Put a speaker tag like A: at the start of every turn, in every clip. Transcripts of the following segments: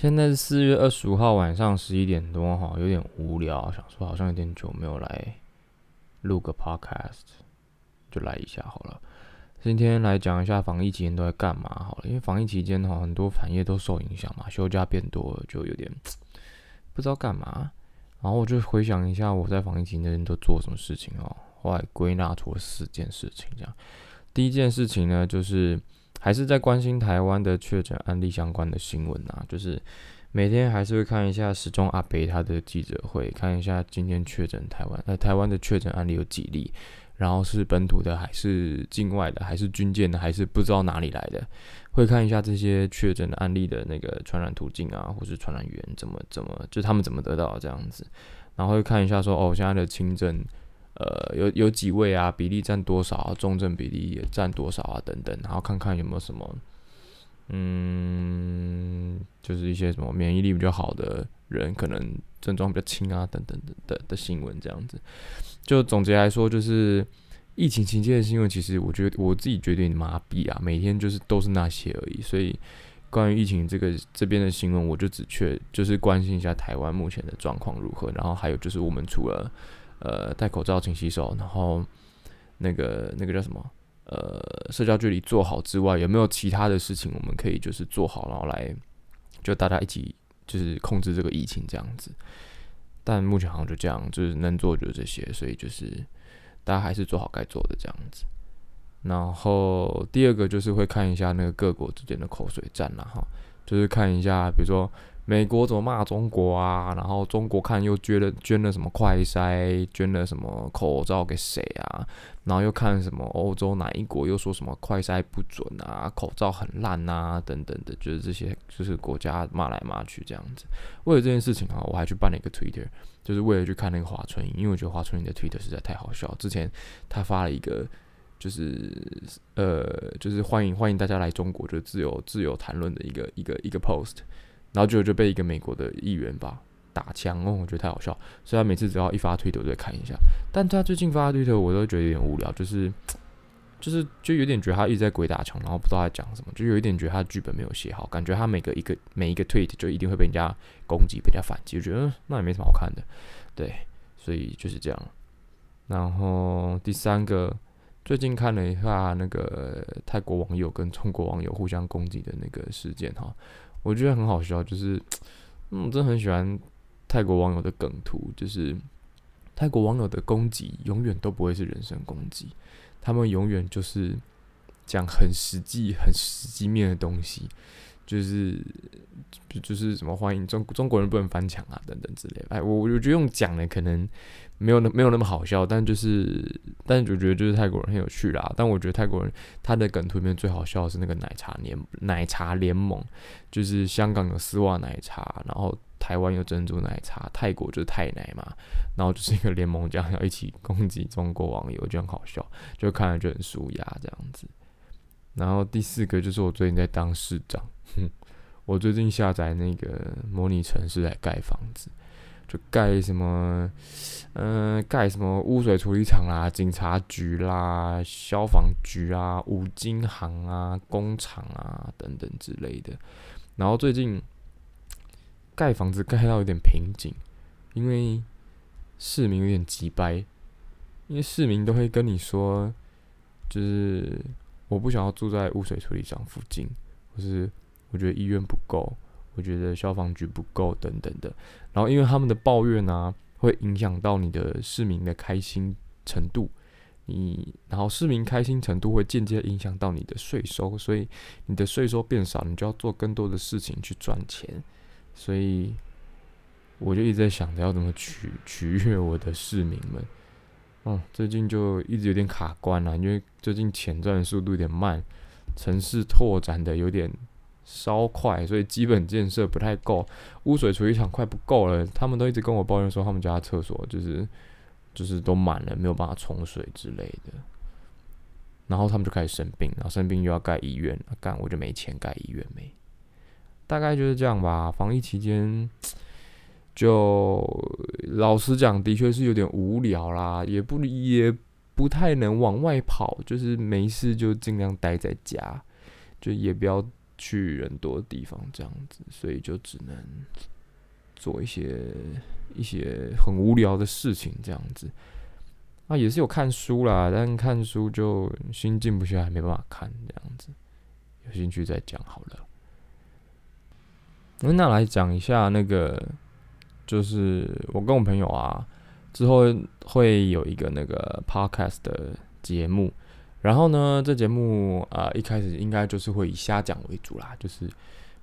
A: 現在是四月二十五號晚上十一點多哈，有點無聊，想說好像有點久沒有來錄個 podcast，就來一下好了。今天來講一下防疫期間都在幹嘛好了，因為防疫期間哈，很多產業都受影響嘛，休假變多了，就有點不知道幹嘛。然後我就回想一下我在防疫期間都做什麼事情哦，後來歸納出了四件事情這樣。第一件事情呢，就是。還是在關心台灣的確診案例相關的新聞啊，就是每天還是會看一下時鐘阿北他的記者會，看一下今天確診台灣，那、呃、台灣的確診案例有幾例，然後是本土的還是境外的，還是軍艦的，還是不知道哪裡來的，會看一下這些確診的案例的那個傳染途徑啊，或是傳染源怎麼怎麼，就他們怎麼得到這樣子，然後會看一下說哦現在的清真。呃，有有幾位啊？比例占多少啊？重症比例也占多少啊？等等，然後看看有沒有什麼，嗯，就是一些什麼免疫力比較好的人，可能症狀比較輕啊，等等等等的，的新聞這樣子。就總結來說，就是疫情期間的新聞，其實我覺得我自己覺得麻痹啊，每天就是都是那些而已。所以，關於疫情這個這邊的新聞，我就只確就是關心一下台灣目前的狀況如何，然後還有就是我們除了。呃，戴口罩，勤洗手。然後那個那個叫什麼？呃，社交距離做好之外，有沒有其他的事情我們可以就是做好，然後來就大家一起就是控制這個疫情這樣子？但目前好像就這樣，就是能做就這些，所以就是大家還是做好該做的這樣子。然後第二個就是會看一下那個各國之間的口水戰了哈，就是看一下，比如說。美國怎麼罵中國啊？然後中國看又捐了捐了什麼快篩，捐了什麼口罩給誰啊？然後又看什麼歐洲哪一國又說什麼快篩不準啊，口罩很爛啊等等的，就是這些就是國家罵來罵去這樣子。為了這件事情啊，我還去辦了一個 Twitter，就是為了去看那個華春瑩，因為我覺得華春瑩的 Twitter 實在太好笑。之前他發了一個就是呃就是歡迎歡迎大家來中國，就自由自由談論的一個一個一個 post。然後就就被一個美國的議員吧打槍，哦，我覺得太好笑。所以，他每次只要一發推特，我就會看一下。但他最近發的推特，我都覺得有點無聊，就是就是就有點覺得他一直在鬼打牆，然後不知道在講什麼，就有一點覺得他劇本沒有寫好，感覺他每個一個每一個推特就一定會被人家攻擊，被人家反擊，我覺得，嗯，那也沒什麼好看的。對，所以就是這樣。然後第三個，最近看了一下那個泰國網友跟中國網友互相攻擊的那個事件，哈。我覺得很好笑，就是，嗯，真的很喜歡泰國網友的梗圖，就是泰國網友的攻擊永遠都不會是人身攻擊，他們永遠就是講很實際、很實際面的東西。就是就是什麼歡迎中中國人不能翻牆啊等等之類的，哎，我我就用講的可能沒有沒有那麼好笑，但就是，但我覺得就是泰國人很有趣啦。但我覺得泰國人他的梗圖裡面最好笑的是那個奶茶聯奶茶聯盟，就是香港有絲襪奶茶，然後台灣有珍珠奶茶，泰國就是泰奶嘛，然後就是一個聯盟，這樣要一起攻擊中國網友，就很好笑，就看了就很舒壓這樣子。然後第四個就是我最近在當市長。哼，我最近下載那個模擬城市來蓋房子，就蓋什麼，嗯、呃，蓋什麼污水處理廠啦、啊、警察局啦、消防局啊、五金行啊、工廠啊等等之類的。然後最近蓋房子蓋到有點瓶頸，因為市民有點急掰，因為市民都會跟你說，就是我不想要住在污水處理廠附近，或是。我覺得醫院不夠，我覺得消防局不夠，等等的。然後因為他們的抱怨呢、啊，會影響到你的市民的開心程度，你然後市民開心程度會間接影響到你的稅收，所以你的稅收變少，你就要做更多的事情去賺錢。所以我就一直在想着要怎麼取取悅我的市民們。嗯，最近就一直有點卡關了、啊，因為最近錢賺的速度有點慢，城市拓展得有點。稍快，所以基本建設不太夠，污水處理廠快不夠了。他們都一直跟我抱怨說，他們家廁所就是就是都滿了，沒有辦法沖水之類的。然後他們就開始生病，然後生病又要蓋醫院啊，幹我就沒錢蓋醫院沒。大概就是這樣吧。防疫期間，就老實講，的確是有點無聊啦，也不也不太能往外跑，就是沒事就盡量待在家，就也不要。去人多的地方這樣子，所以就只能做一些一些很無聊的事情這樣子。啊，也是有看書啦，但看書就心靜不下來，還沒辦法看這樣子。有興趣再講好了。那來講一下那個，就是我跟我朋友啊，之後會有一個那個 podcast 的節目。然後呢，這節目啊、呃，一開始應該就是會以瞎講為主啦，就是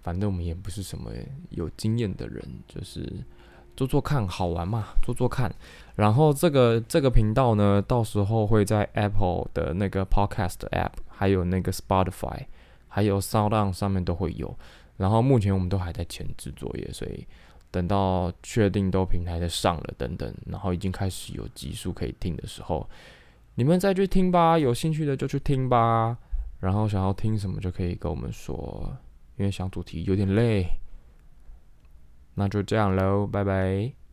A: 反正我們也不是什麼有經驗的人，就是做做看好玩嘛，做做看。然後這個這個頻道呢，到時候會在 Apple 的那個 Podcast App，還有那個 Spotify，還有 SoundOn 上面都會有。然後目前我們都還在前置作業，所以等到確定都平台在上了等等，然後已經開始有集數可以聽的時候，你們再去聽吧，有興趣的就去聽吧，然後想要聽什麼就可以跟我們說，因為想主題有點累，那就這樣嘍，拜拜。